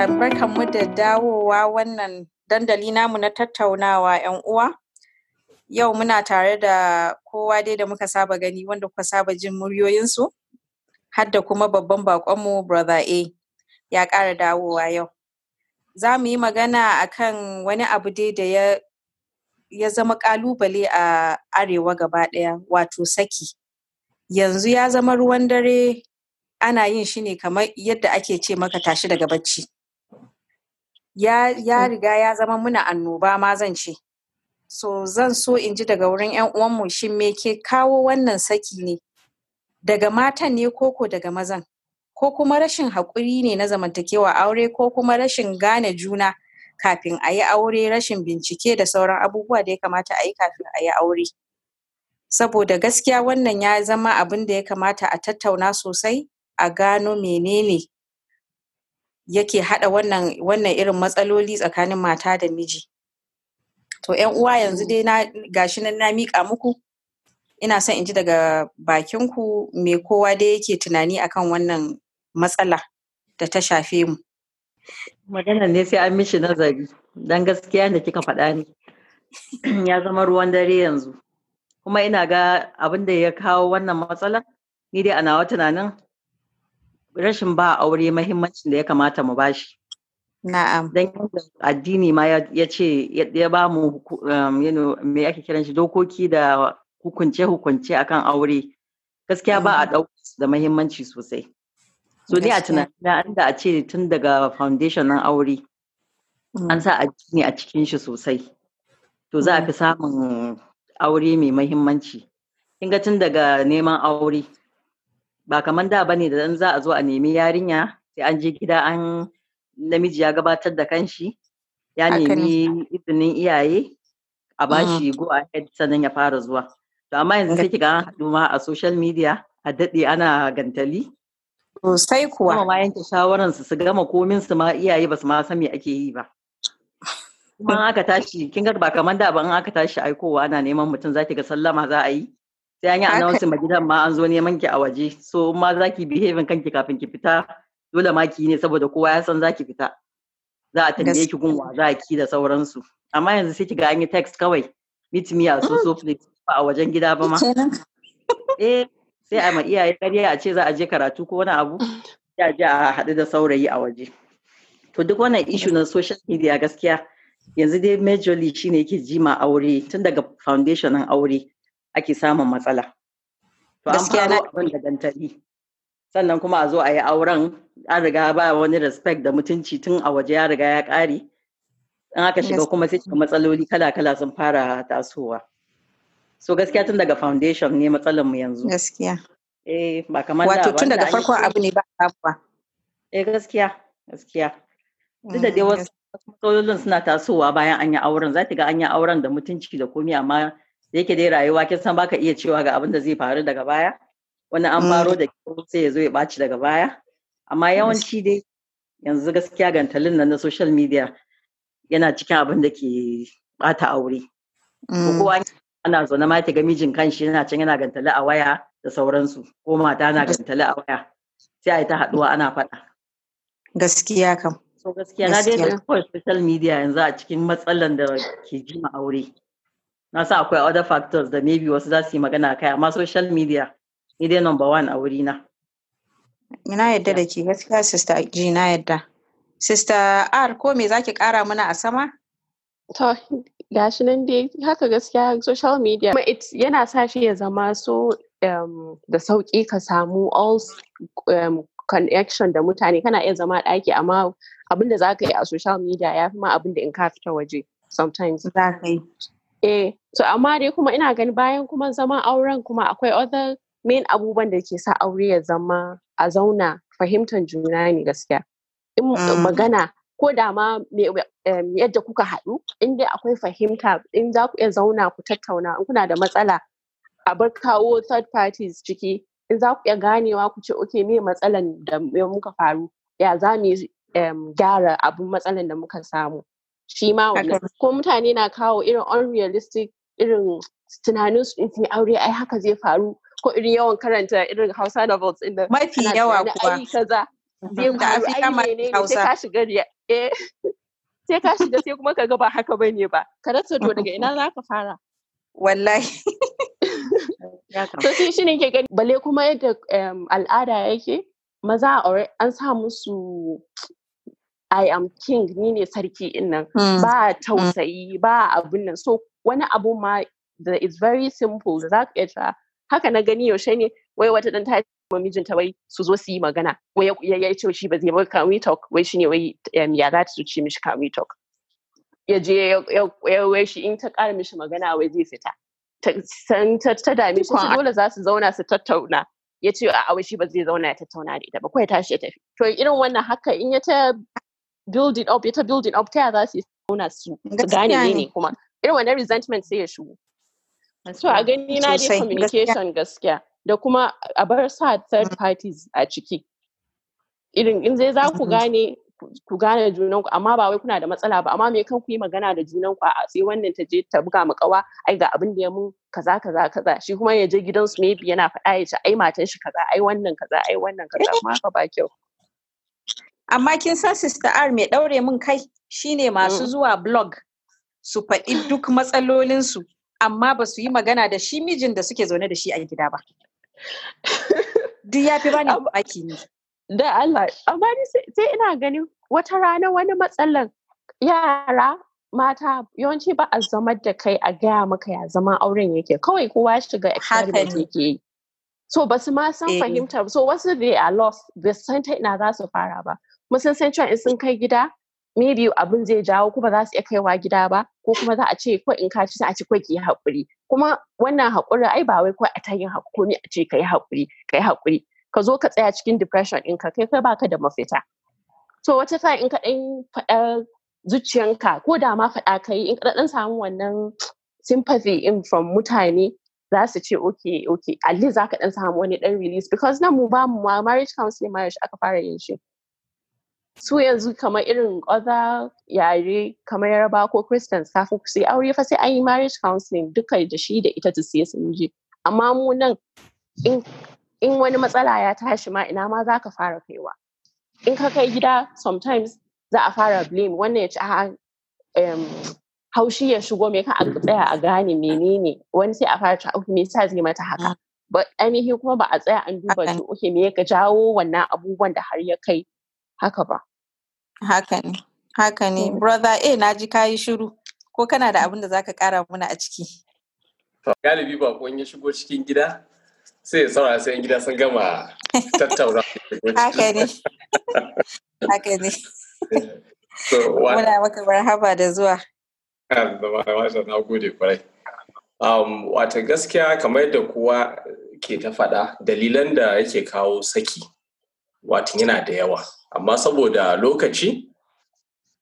barka barkanmu da dawowa wannan dandali namu na tattaunawa 'yan uwa. Yau muna tare da kowa dai da muka saba gani wanda kuka saba jin muryoyinsu, har da kuma babban bakonmu Brother A ya ƙara dawowa yau. Za mu yi magana a kan wani abu dai da ya, zama ƙalubale a arewa gaba ɗaya, wato saki. Yanzu ya zama ruwan dare ana yin shi ne kamar yadda ake ce maka tashi daga bacci. ya riga ya zama muna annoba ma zan ce so zan so in ji daga wurin yan uwanmu shin me ke kawo wannan saki ne daga matan ne koko daga mazan ko kuma rashin haƙuri ne na zamantakewa aure ko kuma rashin gane juna kafin a yi aure rashin bincike da sauran abubuwa da ya kamata a yi kafin a yi aure saboda gaskiya wannan ya zama abin da ya kamata a tattauna sosai a gano menene yake haɗa wannan wannan irin matsaloli tsakanin mata da miji to yan uwa yanzu dai na gashi nan na mika muku ina son in ji daga bakin ku me kowa dai yake tunani akan wannan matsala da ta shafe mu magana ne sai an mishi nazari dan gaskiya da kika faɗa ne ya zama ruwan dare yanzu kuma ina ga abin da ya kawo wannan matsala ni dai a nawa tunanin rashin ba aure mahimmancin da ya kamata mu bashi. Na'am. Dan addini ma ya ce ya ba mu um, me ake kiran shi dokoki da hukunce hukunce akan aure. Gaskiya ba a ɗauki da mahimmanci sosai. So ni a tunanina an da a ce tun daga foundation na aure an mm. sa addini a cikin shi sosai. To za a mm. fi samun aure mai mahimmanci. Kin ga tun daga neman aure. ba kamar da bane da dan za a zo a nemi yarinya sai an je gida an namiji ya gabatar da kanshi ya nemi izinin iyaye a bashi mm. go ahead sannan ya fara zuwa to amma yanzu sai kiga haɗu ma a social media a daɗe ana gantali sosai kuwa kuma ma yanke shawaran su su gama komin su ma iyaye ba su ma san me ake yi ba kuma aka tashi kin ga ba kamar da ba in aka tashi aikowa ana neman mutum zaki ga sallama za a yi sai an yi announcing ma gidan ma an zo neman ki a waje so ma za ki behaving kanki kafin ki fita dole ma ki ne saboda kowa ya san za ki fita za a tambaye ki gunwa za ki da sauransu amma yanzu sai ki ga an yi text kawai meet me a so so mm. please ba a wajen gida ba ma eh sai a ma iyaye karya a ce za a je karatu ko wani abu ya je a haɗu da saurayi a waje to duk wannan issue na social media gaskiya yanzu dai majorly shine yake jima aure tun daga foundation aure ake samun matsala. To an faro abin da gantari. Sannan kuma a zo a yi auren an riga ba wani respect da mutunci tun a waje ya riga ya ƙare. In aka shiga kuma sai shiga matsaloli kala-kala sun fara tasowa. So gaskiya tun daga foundation ne matsalar mu yanzu. Gaskiya. Eh ba kamar da Wato tun daga farko abu ne ba ba. Eh gaskiya gaskiya. Duk da dai mm, wasu matsalolin suna tasowa bayan an yi auren za ki ga an yi auren da mutunci da komi amma yake dai rayuwa kin san baka iya cewa ga abin da zai faru daga baya wani an mm. faro da sai ya zo ya ɓaci daga baya amma yawanci dai yanzu gaskiya gantalin nan na social media yana cikin abin da ke bata aure mm. kowa ana zaune ma ta ga mijin kanshi yana can yana gantali a waya da sauransu ko mata na gantali a waya sai a yi ta haduwa ana faɗa gaskiya kam so gaskiya na dai social media yanzu a cikin matsalan da ke jima aure na sa akwai other factors da maybe wasu za su yi magana kai amma social media ni dai number one a wuri na ina yadda da ke gaskiya sister ji na yadda sister r ko me zaki kara mana a sama to gashi nan dai haka gaskiya social media it yana sa shi ya zama so um, da sauki ka samu all um, connection da mutane kana iya zama ɗaki amma abin da za ka yi a social media ya fi ma abinda in ka fita waje sometimes eh to amma dai kuma ina gani bayan kuma zaman auren kuma akwai other main abubuwan da ke sa aure ya zama a zauna fahimtar juna ne gaskiya in mm. magana ko da ma yadda kuka haɗu in dai akwai fahimta in za ku iya zauna ku tattauna in kuna da matsala a bar kawo third parties ciki in za ku iya ganewa ku ce ok me matsalan da muka faru ya za mu gyara abun matsalan da muka samu shi ma ko mutane na kawo irin unrealistic irin tunanin su in aure ai haka zai faru ko irin yawan karanta irin Hausa novels din da mafi yawa kuma ai kaza zai faru ai ne sai ka shiga eh sai ka shiga sai kuma ka ga ba haka bane ba ka rasa to daga ina za ka fara wallahi to sai shi ne ke gani bale kuma yadda al'ada yake maza an sa musu I am king ni ne sarki innan mm. ba hmm. tausayi mm. ba abin nan so wani abu ma da is very simple da za ka iya haka na gani yaushe ne wai wata dan ta ma mijinta wai su zo su yi magana wai ya ce shi ba zai ba can we talk wai shine wai ya za ta ce mishi kawai we talk ya je ya wai shi in ta ƙara mishi magana wai zai fita ta dame shi dole za su zauna su tattauna ya ce a shi ba zai zauna ya tattauna da ita ba kawai tashi ya tafi to irin wannan haka in ya ta building up ya ta building up ta za su yi sauna su gane ne ne kuma irin wannan resentment sai ya shigo so a gani na dai communication gaskiya da kuma a bar sa third mm. parties a ciki irin in zai za ku mm-hmm. gane ku gane junanku amma ba wai kuna da matsala ba amma me kan ku yi magana da junanku a sai wannan ta je ta buga mu kawa ai ga abin da ya mun kaza kaza kaza shi kuma ya je gidansu maybe yana faɗa ya ce ai matan shi kaza ai wannan kaza ai wannan kaza eh. amma ba kyau amma kin san sister r mai ɗaure min kai shine masu mm. zuwa blog su faɗi duk matsalolinsu amma ba su yi magana da shi mijin da suke zaune da shi a gida ba duk ya fi bani baki ne da Allah amma sai ina ganin wata rana wani matsalan yara mata yawanci ba a zama da kai a gaya maka ya zama auren yake kawai kowa shiga experiment yake yi so ba su ma san eh. fahimta so wasu they are lost bai san ta ina za su fara ba kuma san cewa in sun kai gida maybe abin zai jawo kuma za su iya kaiwa gida ba ko kuma za a ce ko in ka ci sai a ce ko ki haƙuri kuma wannan haƙuri ai ba wai ko a ta yin haƙuri a ce kai haƙuri kai hakuri. ka zo ka tsaya cikin depression ɗinka kai kai baka da mafita to wata sa in ka ɗan faɗa zuciyanka ko da ma faɗa kai in ka ɗan samu wannan sympathy in from mutane za su ce okay okay at least za ka ɗan samu wani ɗan release because nan mu ba mu ma marriage counseling marriage aka fara yin shi su yanzu kamar irin other yare kamar yaraba ko christians kafin kusa yi aure fa sai an yi marriage counseling duka da shi da ita ta siya sun je amma mu nan in wani matsala ya tashi ma ina ma za ka fara kaiwa in ka kai gida sometimes za a fara blame wannan ya ci a haushi ya shigo me ka a tsaya a gane menene wani sai a fara ta me sa zai mata haka ba ainihin kuma ba a tsaya an duba shi uke. me ya jawo wannan abubuwan da har ya kai haka ba Haka ne, haka ne. Brother A, eh, na ji kayi shiru. Ko kana da abin da za ka ƙara muna a ciki? Galibi ba ya shigo cikin gida, sai ya saura sai gida sun gama tattauna. Haka ne. Haka ne. Muna maka marhaba da zuwa. Na gode kwarai. Um, Wata gaskiya kamar yadda kowa ke ta faɗa dalilan da yake kawo saki. watan yana da yawa amma saboda lokaci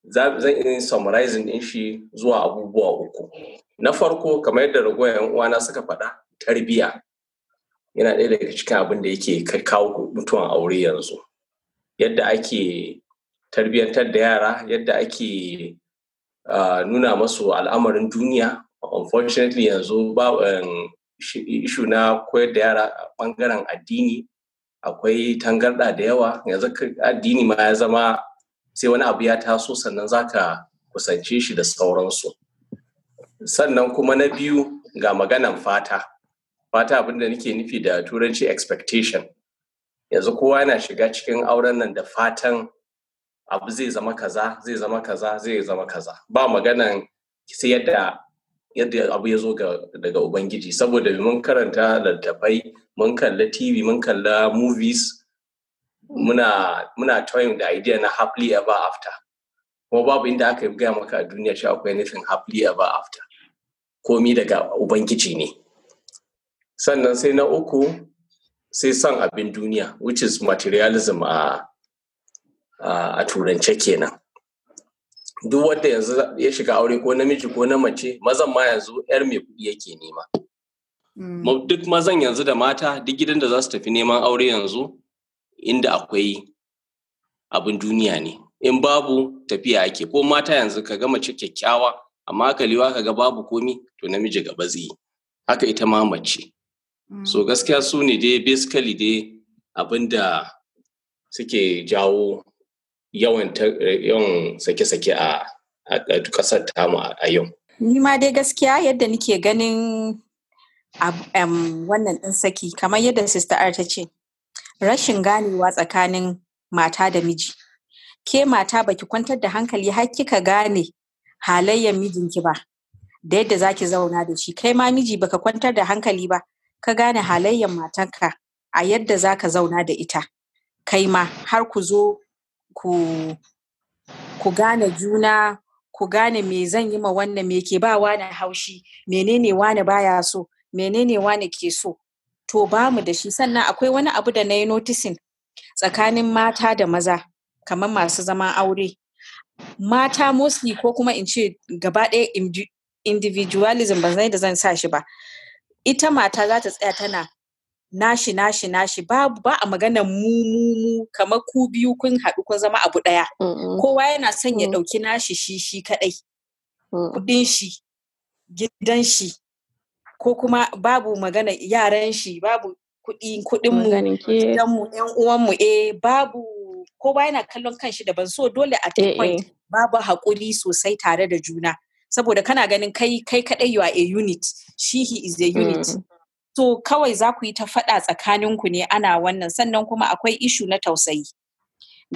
zan yi summarizing din shi zuwa abubuwa uku na farko kamar yadda ragoyan uwana suka faɗa tarbiyya yana ɗaya daga cikin abin da yake kawo mutuwan aure yanzu yadda ake tarbiyyantar da yara yadda ake nuna masu al'amarin duniya unfortunately yanzu ba um, ishu na koyar da yara a ɓangaren addini akwai tangarɗa da yawa yanzu addini ma ya zama sai wani abu ya taso sannan za ka kusance shi da sauransu sannan kuma na biyu ga maganan fata fata abinda nake nufi da turanci expectation yanzu kowa yana shiga cikin auren nan da fatan abu zai zama kaza zai zama kaza zai zama kaza ba maganan sai yadda yadda abu ya zo daga ubangiji saboda mun karanta lantafai mun kalla tv mun kalla movies muna muna toying da idea na happily ever after kuma babu inda aka yi gaya maka a duniya shi akwai nufin happily ever after komi daga ubangiji ne sannan sai na uku sai son abin duniya which is materialism a turance kenan duk wanda yanzu ya shiga aure ko namiji ko na mace mazan ma yanzu yar mai kuɗi yake nema mm. duk mazan yanzu da mata duk gidan da za su tafi neman aure yanzu inda akwai abin duniya ne in babu tafiya ake ko mata yanzu ka gama mace kyakkyawa amma kaliwa ka ga babu komi to namiji gaba zai haka ita ma mace mm. so gaskiya su ne dai basically dai abin da suke jawo yawan sake-sake a kasar tamu a yau. Ni ma dai gaskiya yadda nike ganin wannan ɗin saki kamar yadda Sista ta ce, rashin ganewa tsakanin mata da miji. Ke mata baki kwantar da hankali har kika gane halayyar mijinki ba, da yadda zaki zauna da shi. Kai ma miji baka kwantar da hankali ba, ka gane halayyar matanka a yadda zaka zauna da ita. Kai ma har ku zo ku ku gane juna ku gane me zan yi ma wannan me ke ba wani haushi menene wani baya so menene wani ke so to ba mu da shi sannan akwai wani abu da na yi noticing tsakanin mata da maza kamar masu zaman aure mata mostly ko kuma in ce gaba ɗaya individualism ba zai da zan sa shi ba ita mata za ta tsaya tana nashi nashi nashi babu ba a magana mu mu mu kamar ku biyu kun haɗu kun zama abu ɗaya kowa yana son ya mm. ɗauki nashi shi shi kaɗai mm. kuɗin shi gidan shi ko kuma babu magana yaran shi babu kuɗi kuɗin mu gidan mu uwan mu eh babu kowa yana kallon kanshi daban so dole a take eh, point eh. babu hakuri sosai tare da juna saboda kana ganin kai kai kaɗai you a unit she he is a unit mm. so kawai za ku yi ta faɗa tsakaninku ne ana wannan sannan kuma akwai ishu na tausayi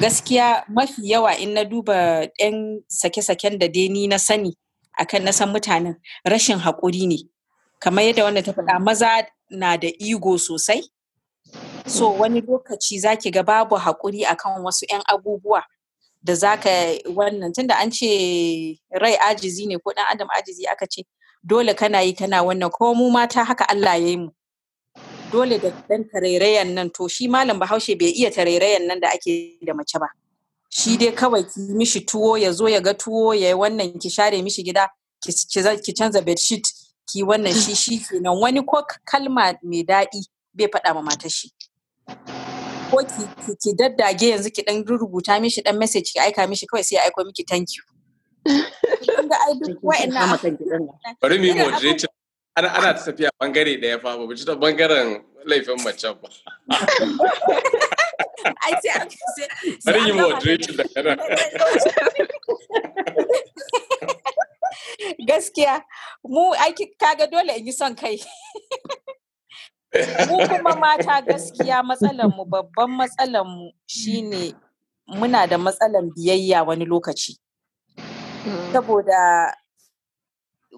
gaskiya mafi yawa in na duba 'yan sake-saken da dai ni na sani akan nasan mutanen rashin haƙuri ne kamar yadda wanda ta faɗa maza na da ego sosai so wani lokaci za ki ga babu haƙuri akan wasu 'yan abubuwa da za ka wannan tunda an ce rai ajizi ne ko ɗan adam ajizi aka ce dole kana yi kana wannan ko mu mata haka Allah ya yi mu dole da dan tarairayan nan to shi malam bahaushe bai iya tarairayan nan da ake da mace ba shi dai kawai ki mishi tuwo ya zo ya ga tuwo ya yi wannan ki share mishi gida ki canza bedsheet ki wannan shi shi kenan wani ko kalma mai daɗi bai faɗa ma mata shi ko ki daddage yanzu ki dan rubuta mishi dan message ki aika mishi kawai sai ya aiko miki thank you Bari mu yi moderator. Ana ana tafiya bangare ɗaya fa ba ci ta bangaren laifin mace ba. Ai sai Bari yi moderator da kana. Gaskiya mu aiki kaga dole in yi son kai. Mu kuma mata gaskiya mu babban mu shine muna da matsalan biyayya wani lokaci. Mm. saboda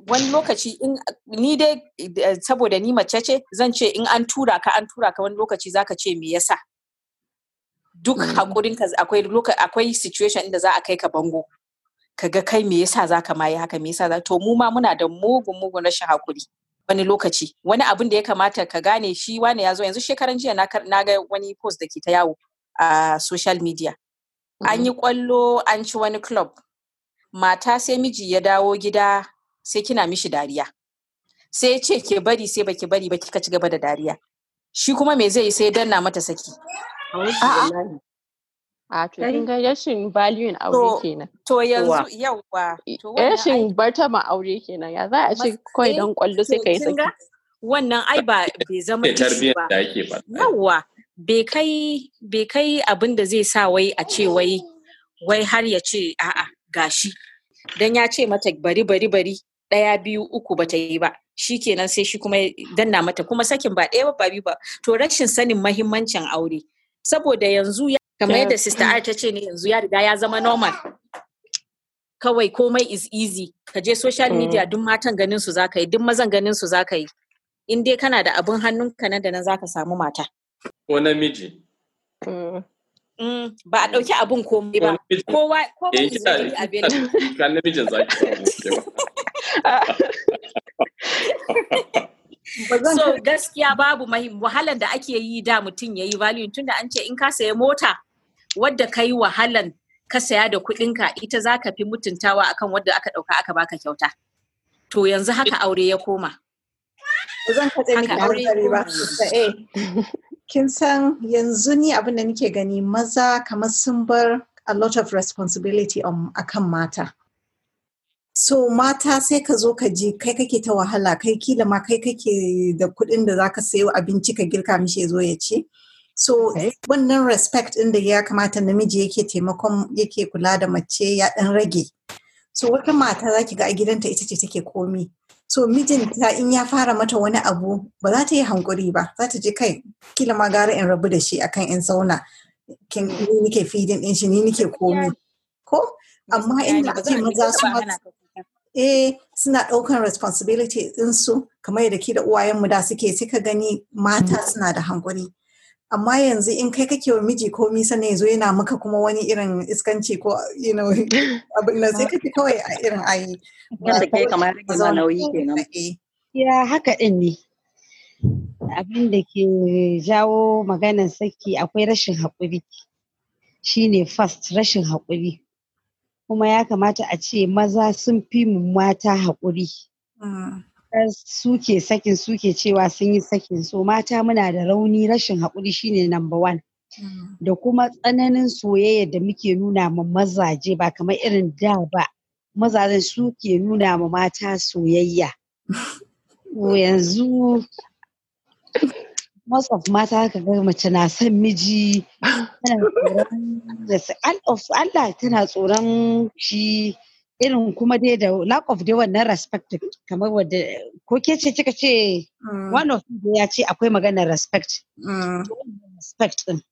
wani lokaci in ni dai eh, saboda ni mace ce zan ce in an tura ka an tura ka wani lokaci zaka ce me yasa duk mm. hakurin ka akwai akwai situation inda za a kai ka bango kaga kai me yasa zaka ma yi haka me yasa to mu ma muna da mugun mugun rashin hakuri wani lokaci wani abin da ya kamata ka gane shi wani ya zo yanzu shekaran jiya na ga wani post da ke ta yawo a social media an mm. yi kwallo an ci wani club mata sai miji ya dawo gida sai kina mishi dariya sai ya ce ke bari sai baki bari ba kika ci gaba da dariya shi kuma me zai yi sai danna mata saki a to kin ga rashin valuing aure kenan to yanzu yawa eh, rashin ma aure kenan ya za a ce kawai eh, dan kwallo sai kai saki wannan ai ba bai zama ba yawa bai kai bai kai abin da zai sa wai a ce wai wai har ya ce a'a gashi dan ya ce mata bari bari bari ɗaya biyu uku bata yi ba shi kenan sai shi kuma danna mata kuma sakin ba ɗaya ba biyu ba to rashin sanin mahimmancin aure saboda yanzu ya kamar yadda sister ta ce ne yanzu ya riga ya zama normal kawai komai is easy ka je social mm. media duk matan ganin su zaka yi duk mazan ganin su zaka yi in dai kana da abin hannunka nan da nan zaka samu mata wani miji mm. Mm, ba a ɗauki abun komai ba kowa kowa da eh, abin so gaskiya babu wahalan da ake yi da mutum ya yi value tunda an ce in ka saya mota wadda ka yi wahalan ka saya da kuɗinka ita za ka fi mutuntawa akan wadda aka ɗauka aka baka kyauta to yanzu haka aure ya koma kin san yanzu ni abin da nake gani maza kamar sun bar a lot of responsibility akan mata. So mata sai ka zo ka ji kai kake ta wahala kai kila ma kai kake da kuɗin da za ka sayo abinci ka girka mishi ya zo ya ci. So eh? wannan respect ɗin da ya kamata namiji yake taimakon yake kula da mace ya ɗan rage. So wata mata za ki ga a gidanta ita ce take komi. so mijinta in ya fara mata wani abu ba za ta yi hankuri ba za ta je kai kila ma gara in rabu da shi akan in zauna ni nike fidin din shi ni nike komi ko amma inda ake maza su eh suna ɗaukan responsibility ɗinsu kamar yadda ki da uwayenmu da suke suka gani mata mm. suna da hankuri amma yanzu in kai kake wa miji ko misa ne zo yana maka kuma wani irin iskanci ko abin nan sai kake kawai a irin ayi yadda kai kamar ma nauyi kenan ya haka din ne abin da ke jawo maganar saki akwai rashin haƙuri shine first rashin haƙuri kuma ya kamata a ce maza sun fi mu mata haƙuri mm. suke sakin suke cewa sun yi sakin so mata muna da rauni rashin haƙuri shine number one mm. da kuma tsananin soyayya da muke nuna ma mazaje ba kamar irin da ba mazajen suke nuna ma mata soyayya yanzu most of mata ka ga mace na son miji tana tsoron Allah tana tsoron shi irin kuma dai da lack of dai wannan respect kamar wadda ko ke ce kika ce mm. one of ya ce akwai maganar respect mm. respect din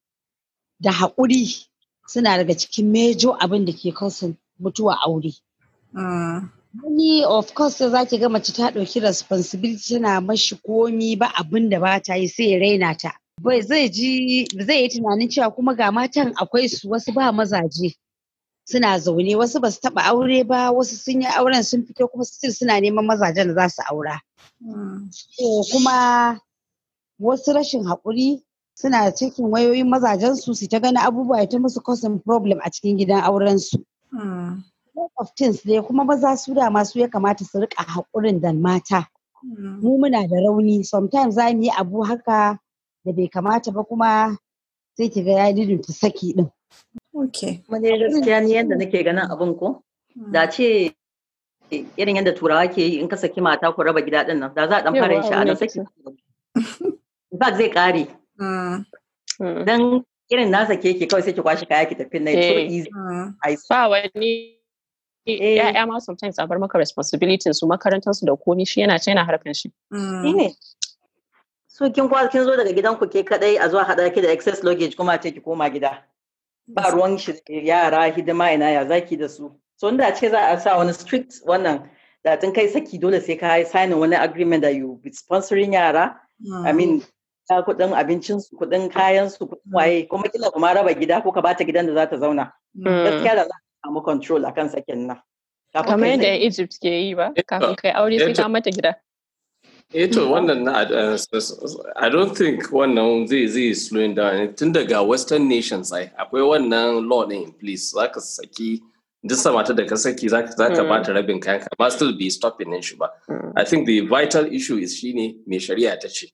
da haƙuri suna daga cikin mejo abinda ke kansu mutuwa aure wani mm. of course za ki ga mace ta ɗauki responsibility tana mashi komi ba abin ba ta yi sai ya raina ta bai zai ji zai yi tunanin cewa kuma ga matan akwai su wasu ba mazaje suna zaune wasu basu su taba aure ba wasu sun yi auren sun fito kuma still suna neman mazajen da za su aura so kuma wasu rashin haƙuri suna cikin wayoyin mazajen su su ta gani abubuwa ya ta musu causing problem a cikin gidan auren su hmm. of things dai kuma maza su da masu ya kamata su rika haƙurin da mata hmm. mu muna da rauni sometimes za mu yi abu haka da bai kamata ba kuma sai ki ga ya ta saki din Ok Kuma dai gaskiya ni yadda nake ganin abin ko? Da hmm. ce irin yadda turawa ke yi in ka saki mata ku raba gida din nan da za a dan fara shi a nan saki. Bag zai kare. Hmm. Hmm. Dan irin nasa ke ke kawai sai ki kwashi kaya ki tafi na so eh. easy. Ba wani ya'ya eh. ma sometimes a bar maka responsibility su makarantar su da komi shi yana can yana harkan shi. Shine. So kin kin zo daga gidan ku ke kadai a zuwa hada ki da excess luggage kuma ce ki koma gida. ba ruwan shi yara hidima ina ya zaki da su so inda ce za a sa wani strict wannan da tun kai saki dole sai ka yi signing wani agreement da you be sponsoring yara i ah. mean kudin abincin su kudin kayan su kudin ah. waye kuma kila kuma raba gida ko ka bata gidan da za ta zauna hmm. gaskiya da za ka samu control akan sakin nan kamar yadda Egypt ke yi ba eh, kafin ah, kai aure sai ka mata gida Ito eh, to mm. wannan na uh, i don't think wannan zai zai slowing down tun daga western nations ai akwai wannan law din please place zaka saki duk samata da ka saki zaka bata mm. rabin kayan ka ba still be stopping din shi ba mm. i think the vital issue is shine me shari'a ta ce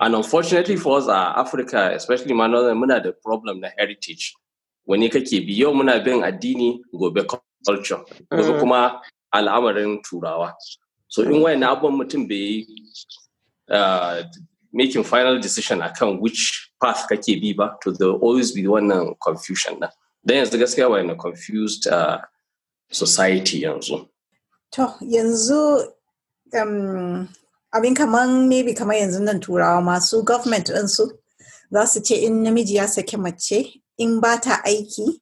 and unfortunately for us a africa especially ma northern muna da problem na heritage wani kake bi yau muna bin addini gobe culture gobe kuma al'amarin turawa so in wayan abubuwan mutum bai yi uh, making final decision akan which path kake bi ba to there always be wannan confusion na dan yanzu gaskiya wayan na confused uh, society yanzu to yanzu um, abin kaman maybe kaman yanzu nan turawa masu government din su za su ce in namiji ya saki mace in ba ta aiki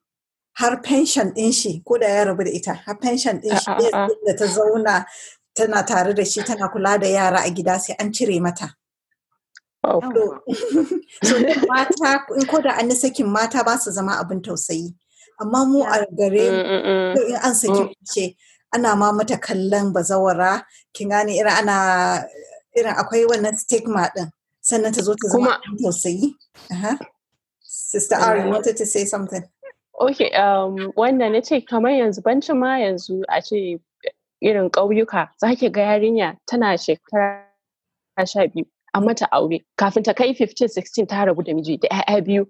har pension din shi ko da ya rabu da ita har pension din shi ah, ah, ah. da ta zauna tana tare da shi tana kula da yara a gida sai an cire mata Oh. so mata in ko da an sakin mata ba su zama abin tausayi amma mu a gare mm, mm, mm. in an saki ce ana ma mata kallon bazawara kin gane irin ana irin akwai wannan stigma din sannan ta zo ta zama abin tausayi sister ari wanted to say something okay um wannan ce kamar yanzu bancin ma yanzu a ce irin ƙauyuka za ki ga yarinya tana shekara sha biyu a mata aure kafin ta kai 15-16 ta rabu da miji da 'ya'ya biyu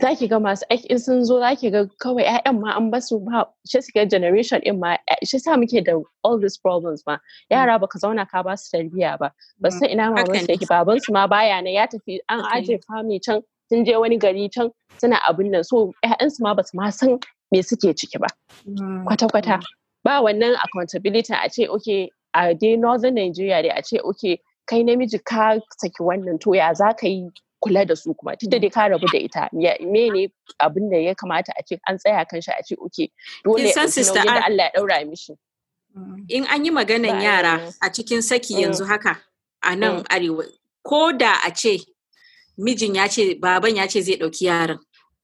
za ki ga masu aiki in sun zo za ki ga kawai 'ya'yan ma an basu ba shi su generation in ma shi sa muke da all these problems ma mm. yara baka zauna ka basu su tarbiyya ba ba mm. san ina maman su yake baban su ma baya ne ya tafi an aje family can sun je wani gari can suna abin nan so 'ya'yan su ma basu ma san me suke ciki ba mm. kwata-kwata ba wannan accountability a ce oke a dai northern Nigeria dai a ce oke kai namiji ka saki wannan to ya za ka yi kula da su kuma tunda dai ka rabu da ita me ne abin da ya kamata a ce an tsaya kan shi a ce oke dole ya da Allah ya daura mishi mm. in an yi maganan yara a cikin saki mm. yanzu haka a nan mm. arewa ko da a ce mijin ya ce baban ya ce zai ɗauki yaron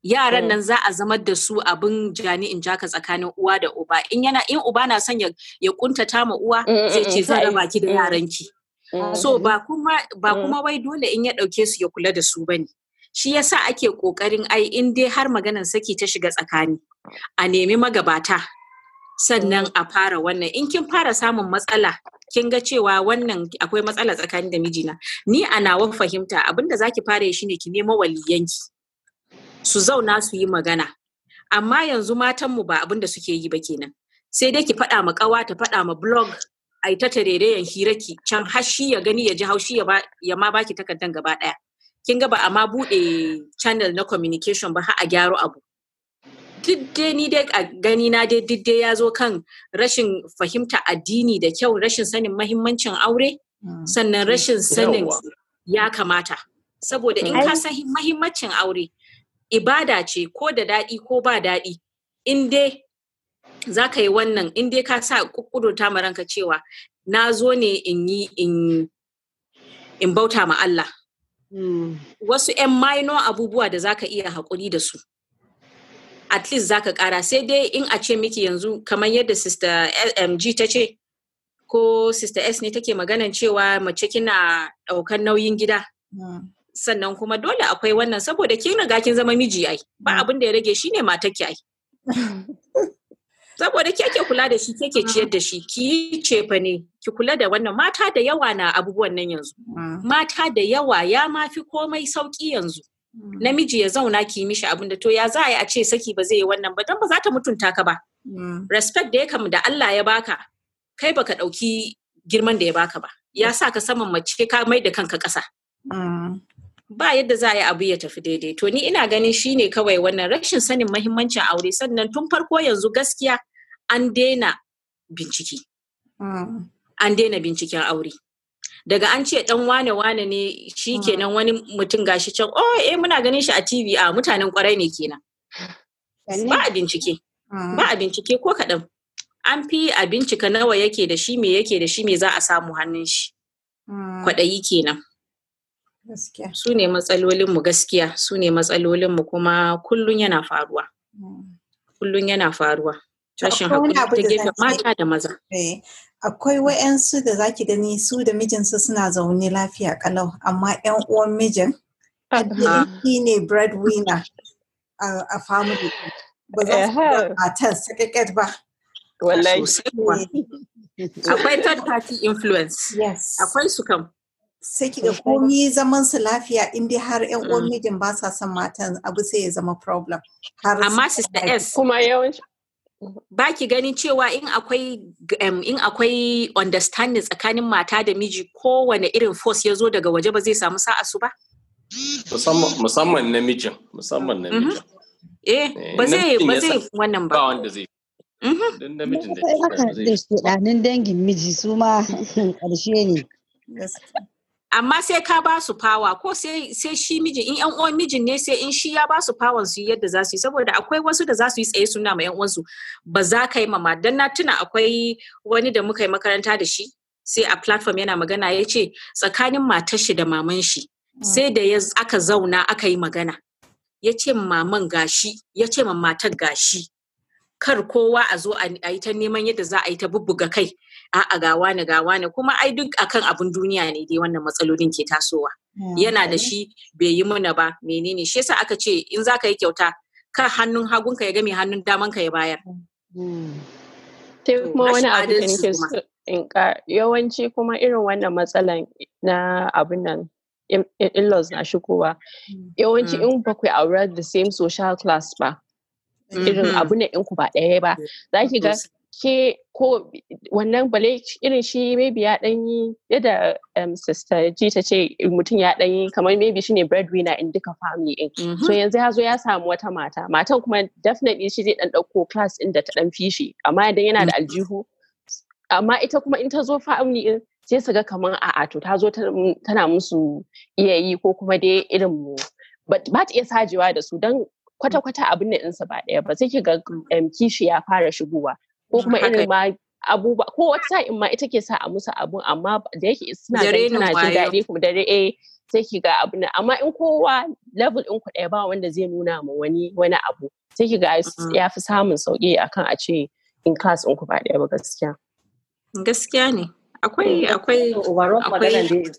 yaran eh. nan za a zamar da su abin jani in jaka tsakanin uwa da uba in yana in uba na son ya kuntata ma uwa mm, mm, zai mm, ce za a baki da ki so ba kuma ba kuma wai dole in ya dauke su ya kula da su bane shi yasa ake kokarin ai in dai har maganar saki ta shiga tsakani a nemi magabata sannan a fara wannan in kin fara samun matsala kin ga cewa wannan akwai matsala tsakani da mijina ni a nawa fahimta abinda zaki fara shi ne ki nemo waliyanki su zauna su yi magana amma yanzu matanmu ba abin da suke yi ba kenan sai dai ki faɗa ma ƙawa ta faɗa ma blog a ta tarerayen hiraki can hashi ya gani ya ji haushi ya ma baki takardan gaba ɗaya kin ga ba a ma buɗe channel na communication ba har a gyaro abu duk ni dai a gani na dai duk ya zo kan rashin fahimta addini da kyau rashin sanin mahimmancin aure mm. sannan rashin mm. sanin ya kamata saboda in ka san mahimmancin aure ibada ce ko da daɗi ko ba daɗi in dai za ka yi wannan in dai ka sa kudurta ma ranka cewa na zo ne in yi in bauta ma Allah hmm. wasu 'yan maino abubuwa da za ka iya haƙuri da su at least za ka ƙara sai dai in a ce miki yanzu kamar yadda sister mg ta ce ko sister s ne take maganan cewa mace kina ɗaukar nauyin gida hmm. sannan kuma dole akwai wannan saboda kin riga kin zama miji ai ba mm. abin da ya rage shine mata ki ai saboda ke ke kula da shi ke ke ciyar da shi ki yi fa ne ki kula da wannan mata da yawa na abubuwan nan yanzu mm. mata da yawa ya ma fi komai sauki yanzu mm. namiji ya zauna ki mishi abin da to ya za a yi a ce saki ba zai yi wannan ba dan ba za ta mutunta ka ba respect da ya kamu da Allah ya baka kai baka ɗauki girman da ya baka ba ya sa ka saman mace ka mai da kanka ƙasa ba yadda za a yi abu ya tafi daidai to ni ina ganin shine kawai wannan rashin sanin mahimmancin aure sannan tun farko yanzu gaskiya an daina bincike mm. an daina binciken aure daga an ce dan wane wane ne shi mm. kenan wani mutum gashi can oh eh muna ganin shi a TV a mutanen kwarai ne kenan ba a bincike mm. ba a bincike ko kaɗan an fi a bincika nawa yake da shi me yake da shi me za a samu hannun shi kwaɗayi kenan Su ne matsalolinmu gaskiya, su ne matsalolinmu kuma kullum yana faruwa. Kullum yana faruwa. Tashin hakuri ta gefen mata da maza. Eh, akwai wa'yansu da zaki gani su da mijinsu suna zaune lafiya kalau, amma 'yan uwan mijin shi ne breadwinner a family. Ba za su da matar sakaket ba. Wallahi. Eh. Akwai third party influence. Yes. Akwai su kam. sai ki ga komi zaman su lafiya in dai har yan uwan mm. mijin ba sa son matan abu sai ya zama problem amma sister S kuma yawanci ba ki ganin cewa in akwai in akwai understanding tsakanin mata da miji kowane irin force ya zo daga waje ba zai samu sa'a su ba musamman namijin musamman mm-hmm. namijin eh, eh ba zai ba zai wannan ba ba wanda zai mm-hmm. don namijin da ya dangin miji su ma ƙarshe ne amma sai ka ba su fawa ko sai shi mijin in yan uwan mijin ne sai in shi ya ba su fawan su yadda za su yi saboda akwai wasu da za su yi tsaye suna ma yan uwansu ba za ka yi mama don na tuna akwai wani da muka yi makaranta da shi sai a platform yana magana ya ce tsakanin matar shi da maman shi mm. sai da aka zauna aka yi magana ya ce maman gashi ya ce ma matar gashi kar kowa a zo a yi ta neman yadda za a yi ta bubbuga kai a gawa na gawa na kuma ai duk akan abun duniya ne dai wannan matsalolin ke tasowa yana da shi bai yi mana ba menene shi yasa aka ce in za ka yi kyauta ka hannun ka ya game hannun daman ka ya bayar hmm. kuma wani abu da in yawanci kuma irin wannan matsalan na abin nan in-laws na shigowa hmm. yawanci hmm. in ba ku aure the same social class ba irin mm-hmm. abu ne ɗinku ba ɗaya ba za ki ga ke ko wannan bale irin shi maybe ya dan yi yadda um, sister ji ta ce mutum ya dan yi kamar maybe shine breadwinner in duka family in so mm-hmm. yanzu ya zo ya samu wata mata matan kuma definitely shi zai dan dauko class din da ta dan fishi amma idan yana da aljihu amma ita kuma in ta zo family in sai su ga kamar a'a to ta zo tana musu iyayi ko kuma dai irin mu ba ta iya sajewa da su don kwata-kwata abin da insa ba ɗaya ba sai ki ga kishi ya fara shigowa ko kuma irin ma abubuwa ko wata sa'in ma ita ke sa a musu abun amma da yake suna ganin tana jin daɗi kuma dare eh sai ki ga abu na amma in kowa level ɗin ku ɗaya ba wanda zai nuna ma wani wani abu sai ki ga ya fi samun sauƙi akan a ce in class ɗin ku ba ɗaya ba gaskiya gaskiya ne akwai eh, akwai akwai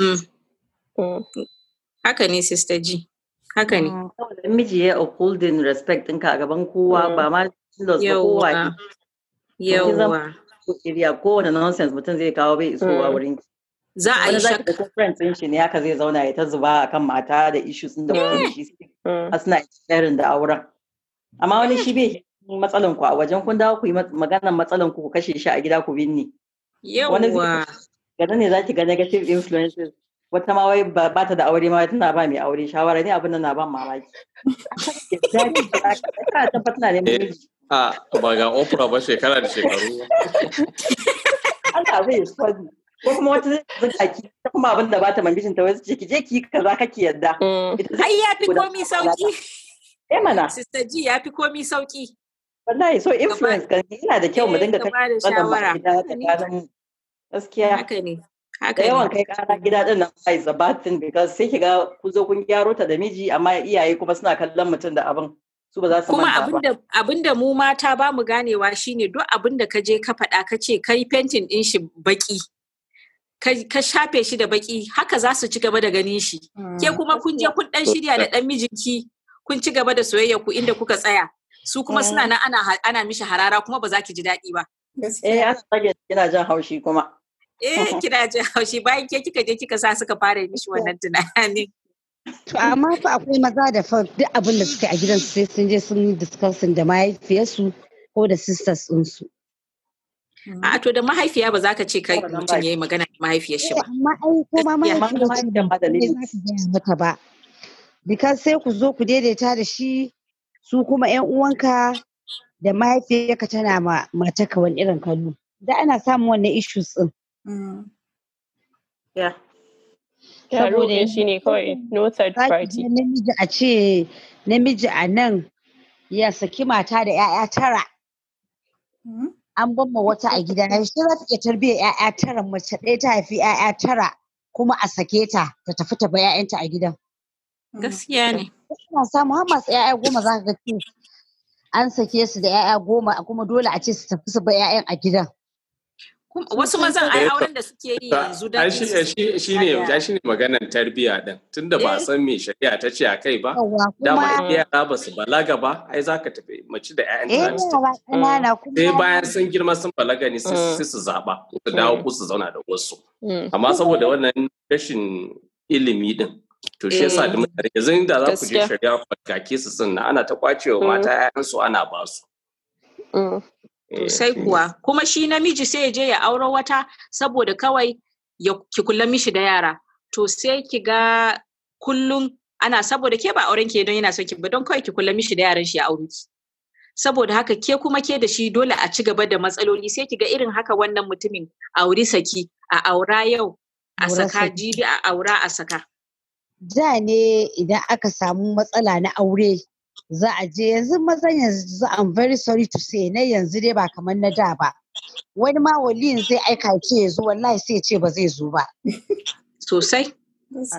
mm. Mm. haka ne sister ji haka ne saboda miji ya upholding respect ɗinka a gaban kowa mm. ba ma ba kowa yawa yawa kowane nonsense mutum zai kawo bai isowa mm. wurin za a yi shakka wani da friends din ne haka zai zauna ya ta zuba a kan mata da issues din da wani mm. shi a suna sharing da auren amma wani shi bai matsalan ku a wajen kun dawo ku yi maganar matsalan ku ku kashe shi a gida ku binne yawa ganin ne za ki ga negative influences wata ma wai ba ta da aure ma tana ba mai aure shawara ne abin da na ban mamaki eh, a ba ga opera ba shekara da shekaru Allah zai sani ko kuma wata zai ta kuma abin da ba ta mambishin ta wai ce ki je ki kaza kake yadda mm. ai ya fi komi sauki eh mana sister ji ya fi komi sauki wallahi so influence kan yana da kyau mu eh, dinga kai shawara gaskiya haka ne da yawan kai kara gida din nan is a bad thing because sai kiga ku zo kun gyaro ta da miji amma iyaye kuma suna kallon mutum da abin su ba za su kuma abinda abinda mu mata ba mu ganewa shine duk da ka je ka faɗa ka ce kai fentin ɗin shi baki ka shafe shi da baki haka za su ci gaba da ganin shi mm, ke kuma kun je kun dan shirya da dan mijinki kun ci gaba da soyayya ku inda kuka tsaya su kuma suna mm. nan ana mishi harara kuma ba za ki ji daɗi ba eh ana tsage kina jin haushi kuma eh kina jin haushi bayan ke kika je kika sa suka fara mishi wannan tunani To amma fa akwai maza da fa duk abin da suka a gidan su sai sun je sun yi discussion da mahaifiyarsu ko da sisters din su. A to da mahaifiya ba za ka ce kai mutum ya yi magana da mahaifiyar shi eh, ba. Amma ai ko ma mahaifiyar mata ba. Because sai ku zo ku daidaita da shi su kuma ƴan uwanka da mahaifiyarka tana ma mataka wani irin kallo. Da ana samun wannan issues din. Mm. Yeah. Taro ne shi ne kawai no third party. Namiji a ce namiji a nan ya saki mata da 'ya'ya tara. Mm. An bamma wata a gida na shi za ta iya tarbiyyar 'ya'ya tara mace ɗaya ta haifi 'ya'ya tara kuma a sake ta ta tafi ta ba 'ya'yanta a gidan. Mm. Gaskiya ne. Ina samu har masu 'ya'ya goma za ka ga an sake su da 'ya'ya goma kuma dole a ce su tafi su ba 'ya'yan a gidan. wasu mazan ai auren da suke yi yanzu da shi shi ne shi ne maganar tarbiyya din tunda ba eh. san me shari'a ta ce a kai ba dama yara ba su balaga ba ai zaka tafi mace da ƴaƴan eh, ta mm. sai bayan sun girma sun balaga ne sai su mm. zaba su dawo mm. ko su zauna da wasu amma saboda wannan rashin ilimi din to shi yasa eh. da mutane yanzu da za ku je shari'a kake su sun ana ta kwacewa mata ƴaƴan su ana ba su Eh, sai kuwa, kuma shi namiji sai ya je ya auro wata saboda kawai ya ki kula mishi da yara. To sai ki ga kullum ana saboda ke ba auren ke don yana son ki ba don kawai ki kula mishi da yaran shi ya auro ki. Saboda haka ke kuma ke da shi dole a ci gaba da matsaloli sai ki ga irin haka wannan mutumin auri saki a aura yau a saka jibi a aura a saka. Da ne idan aka samu matsala na aure za a je yanzu mazan yanzu I'm very sorry to say na yanzu dai ba kamar na da ba wani ma waliyin zai aika ce ya zo wallahi sai ce ba zai zo ba sosai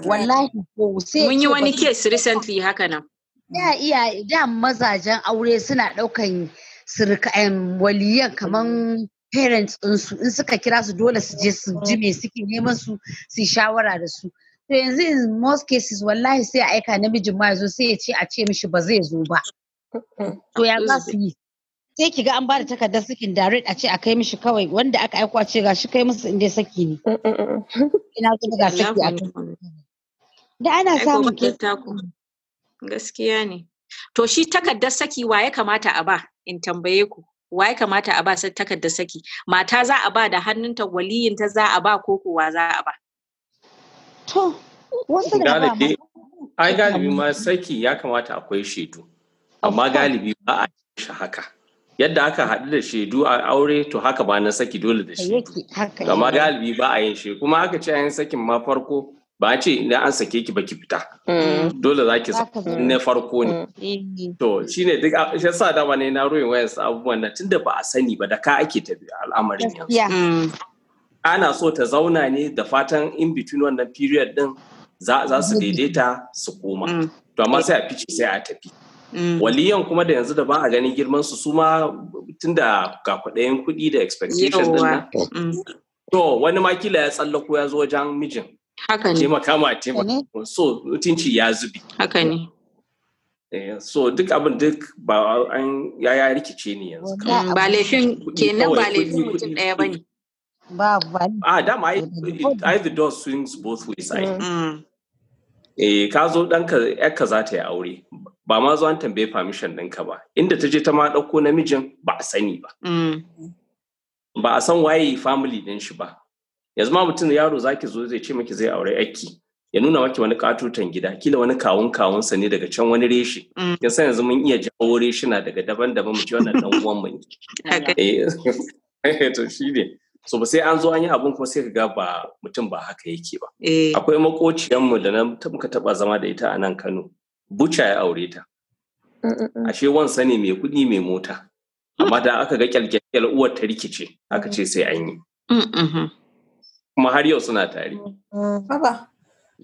wallahi ko sai mun yi wani case recently haka nan da iya da mazajen aure suna daukan sirkan waliyan kaman parents su in suka kira su dole su je su ji me suke neman su su shawara da su to yanzu in most cases wallahi sai a aika namijin ma yazo sai ya ce a ce mishi ba zai zo ba to ya za su yi sai kiga an bada takardar sakin direct a ce a kai mishi kawai wanda aka aika a ce ga shi kai musu inda saki ne ina zo ga saki a da ana samun gaskiya ne to shi takardar saki wa ya kamata a ba in tambaye ku wa ya kamata a ba sai takardar saki mata za a ba da hannunta waliyinta za a ba ko kuwa za a ba To, wasu da galibi, ai galibi ma saki ya kamata akwai shaidu, amma galibi ba a shi haka. Yadda aka haɗu da shaidu a aure to haka ba na saki dole da shi Amma galibi ba a yin shi kuma aka ce yin sakin ma farko ba ce idan an sake ki ba ki fita. Mm. Dole za ki na farko ne. Mm. Eh. To shi ne duk shi sa dama ne na ruwan wayansu abubuwan nan tunda ba a sani ba da ka ake tafi al'amarin yanzu. ana so ta zauna ne da fatan in between wannan period din za su daidaita su koma mm. to amma sai a fice sai a tafi mm. waliyan kuma da yanzu da ba a ganin girman su su ma tunda ga kuɗayen kuɗi da expectation din mm. to wani makila ya tsallako ya zo wajen mijin haka ne taimaka ma taimaka so mutunci ya zubi haka ne eh, so duk abin duk ba an ya rikice ne yanzu ba laifin kenan ba laifin mutum ɗaya ba ne ba. Ah, dama door swings both ways mm. Mm. Eh, ka zo ɗanka za ta yi aure, ba ma zo an tambaye permission ɗinka ba. Inda ta je ta ma ɗauko namijin ba a sani ba. Mm. Ba a san waye family ɗin shi ba. Yanzu ma mutum yaro zaki zo zai ce maki zai aure ‘yarki. ya nuna maki wani katutan gida kila wani kawun kawunsa ne daga can wani reshe. kin san yanzu mun iya jawo reshina daga daban-daban mu ce wannan dan uwan mu ne so ba sai an zo an yi abin kuma sai ka ga ba mutum ba haka yake ba eh. akwai makociyanmu da na muka taba zama da ita a nan Kano buca ya aure ta ashe wansa ne mai kuɗi mai mota amma da aka ga kyalkyal uwar ta rikice aka ce sai an yi kuma har yau suna tare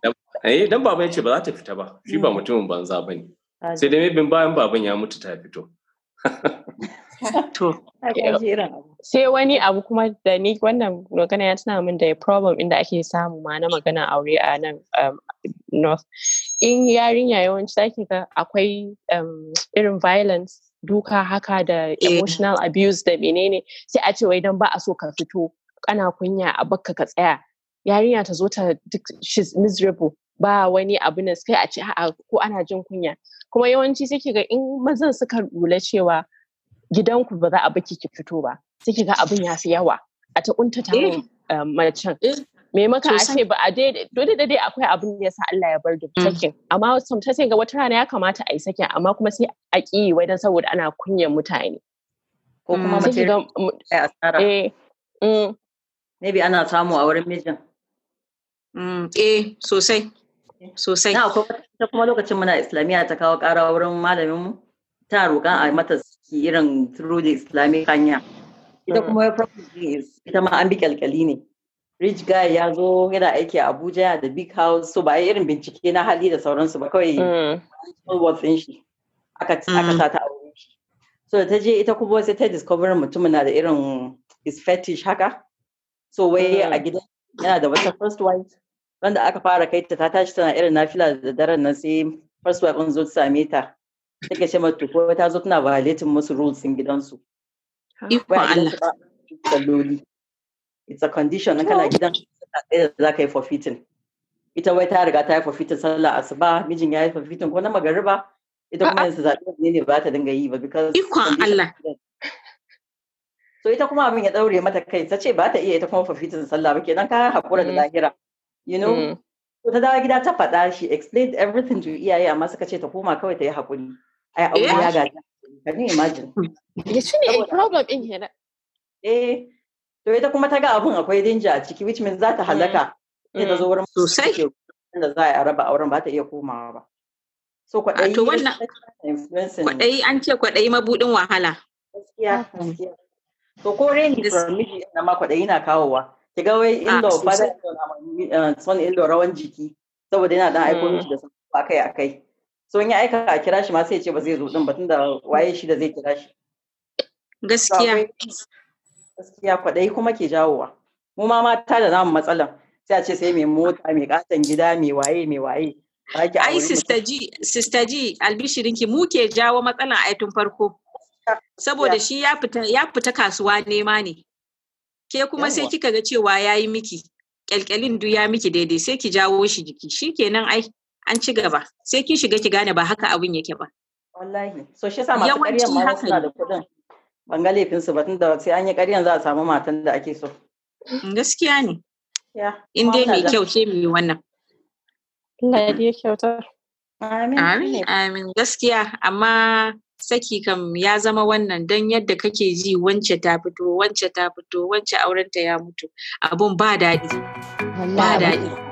dan eh, baban ya ce ba za ta fita ba shi ba mm. mutumin banza ba ne sai dai mabin bayan baban ya mutu ta fito to eh, sai wani abu kuma da ni wannan magana ya tana min da problem inda ake samu ma na magana aure a nan um, north in yarinya yawanci zaki ga akwai um, irin violence duka haka da eh. emotional abuse da menene sai a ce wai dan ba a so ka fito kana kunya a bakka ka tsaya yarinya ta zo ta duk she's miserable ba wani abu na sai a ce a'a ko ana jin kunya kuma yawanci sai ga in mazan suka lura cewa gidanku ba za a baki ki fito ba sai ki ga abin ya fi yawa a ta kuntata eh. eh, macen eh, maka a ce ba a dai da dai akwai abin da yasa Allah ya bar da mm. sakin amma sometimes sai ga wata rana ya kamata a yi sakin amma kuma sai a ki wai dan saboda ana kunyan mutane ko kuma mace mm. eh mm. maybe ana samu a wurin mijin eh sosai sosai na akwai wata kuma lokacin muna islamiyya ta kawo ƙara wurin malamin mu ta roƙan a mata aiki irin through the islamic hanya ita hmm. kuma ita ma an bi kyalkyali ne rich guy ya zo yana aiki a abuja yana da big house so ba irin bincike na hali da sauransu ba kawai hmm. watsin shi aka sa hmm. ta aure shi so ta je ita kuma sai ta discover mutum na da irin is fetish haka so wai a gidan yana da wata first wife wanda aka fara kai ta tashi tana irin na nafila da daren nan sai first wife zo ta same ta take ce mata ko ta zo tana violating musu rules in gidansu ikon Allah it's a condition na kana gidan da za ka yi forfeiting ita wai ta riga ta yi forfeiting sallah asuba mijin ya yi forfeiting ko na magariba ita kuma yanzu zaɓe ne ne ba ta dinga yi ba because ikon Allah so ita kuma abin ya daure mata kai ta ce ba ta iya ita kuma fafitin sallah ba kenan ka haƙura da mm. lahira you know mm. ta dawo gida ta faɗa shi explained everything to iyaye amma suka ce ta koma kawai ta yi haƙuri ai aure ya gaji ka ji imagine ya shi ne problem in kenan eh to ita kuma ta ga abun akwai dinja a ciki which means za ta mm. halaka sai ta mm. zo wurin sosai Inda za a raba auren ba ta iya komawa ba so kwaɗayi to wannan kwaɗayi an ce kwaɗayi mabudin wahala gaskiya gaskiya to ko reni from miji na ma kwaɗayi na kawowa ki ga wai inda ba da son inda rawan jiki saboda yana dan aiko mm. miji da sun akai akai so in ya aika a kira shi ma sai ce ba zai zo din ba tunda waye shi da zai kira shi gaskiya gaskiya kwaɗayi kuma ke jawowa mu ma mata da namu matsalan sai a ce sai mai mota mai katon gida mai waye mai waye ai sister ji ki mu ke jawo matsalan a tun farko saboda shi ya fita kasuwa nema ne ke kuma sai kika ga cewa ya yi miki kyalkyalin du ya miki daidai sai ki jawo shi jiki shikenan ai an ci gaba sai kin shiga ki gane ba haka abin yake ba wallahi so shi yasa masu ƙaryan ma suna da kuɗin ban ga su ba tunda sai an yi ƙaryan za a samu matan da ake so gaskiya ne in dai mai kyau ce mai wannan Allah ya kyauta amin amin gaskiya amma saki kam ya zama wannan don yadda kake ji wance ta fito wance ta fito wance aurenta ya mutu abun ba daɗi ba daɗi